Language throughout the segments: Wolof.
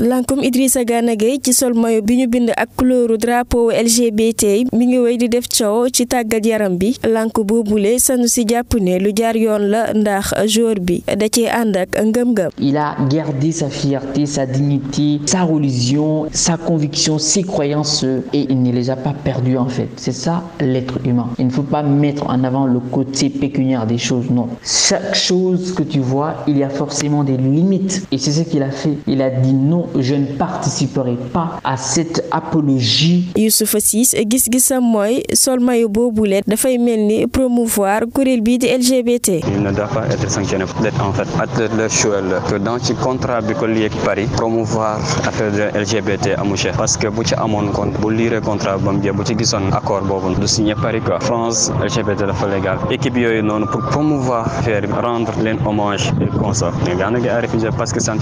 lankum Idrissa Gana Gueye ci sol mayo bi ñu bind ak couleur drapeau LGBT mi ngi wéy di def cow ci tàggat yaram bi lank boobule sanu si jàpp ne lu jaar yoon la ndax jour bi da ci ànd ak ngëm-ngëm. Il a gardé sa fierté sa dignité sa religion sa conviction ses croyances et il ne les a pas perdues en fait c'est ça l'être humain il ne faut pas mettre en avant le côté pécuniaire des choses non chaque chose que tu vois il y a forcément des limites et c'est je ne participerai pas à cette apologie. Youssoupha Ciss gis-gisam mooy sol maillot dafay mel ni promouvoir kuréel bii di LGBT. il ne doit pas être sanctionné pour en fait athlète la choix que dans ci contrat bi ko lié ak Paris promouvoir affaire de LGBT amu parce que bu ci amoon kon bu liiree contrat ba mu jeex bu ci gisoon accord boobu du signé Paris quoi France LGBT dafa légal équipe yooyu noonu pour promouvoir faire rendre leen hommage et comme ça a refusé parce que ça ne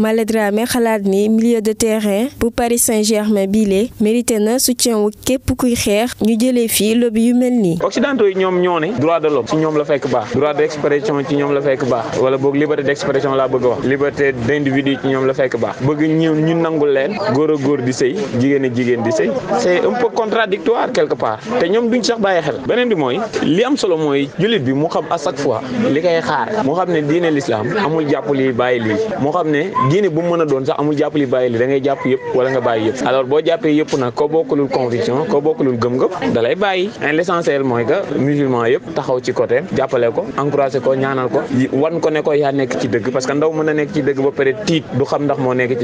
Malé Dramé xalaat ni milieu de terrain bu Paris Saint-Germain biile mérité na soutien wu képp kuy xeex ñu jëlee fii lobby yu mel nii. occidentaux yi ñoom ñoo ne droit de l'homme ci ñoom la fekk baax droit d'expression ci ñoom la fekk baax wala boog liberté d'expression laa bëgg a wax liberté d'individu ci ñoom la fekk baax bëgg ñu nangul leen góor a góor di sëy jigéen a jigéen di sëy c'est un peu contradictoire quelque part te ñoom duñ sax bàyyi xel beneen bi mooy li am solo mooy jullit bi mu xam à chaque fois li koy xaar mu xam ne diine l'islam amul jàpp lii bàyyi lii mu xam ne diine bu mu mën a doon sax amul jàpp li bàyyi jàpp yëpp wala nga bàyyi yëpp alors boo jàppee yëpp nag koo bokkulul conviction koo bokkulul gëm-gëm da lay bàyyi l'essentiel mooy que musulman yëpp taxaw ci côté jàppale ko encouragé ko ñaanal ko wan ko nekk ci dëgg parce que ndaw mën a nekk ci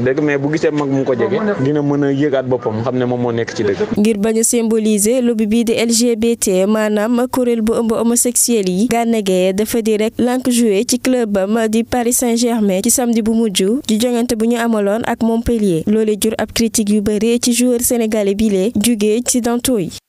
dëgg mais bu gisee mag mu ko jege dina mën a yëgaat boppam moom moo nekk ci dëgg ngir bañ a symboliser lobby di LGBT maanaam kuréel bu ëmb homosexuel ci bu ñu amaloon ak Montpellier loole jur ab critique yu bëri ci joueur sénégalais bi lee jugee ci Dantoy